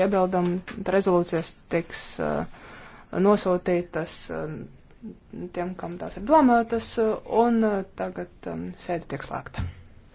iebildam, rezolūcijas tiks uh, nosūtītas uh, tiem, kam tās ir domātas, uh, un tagad um, sēde tiek slēgta.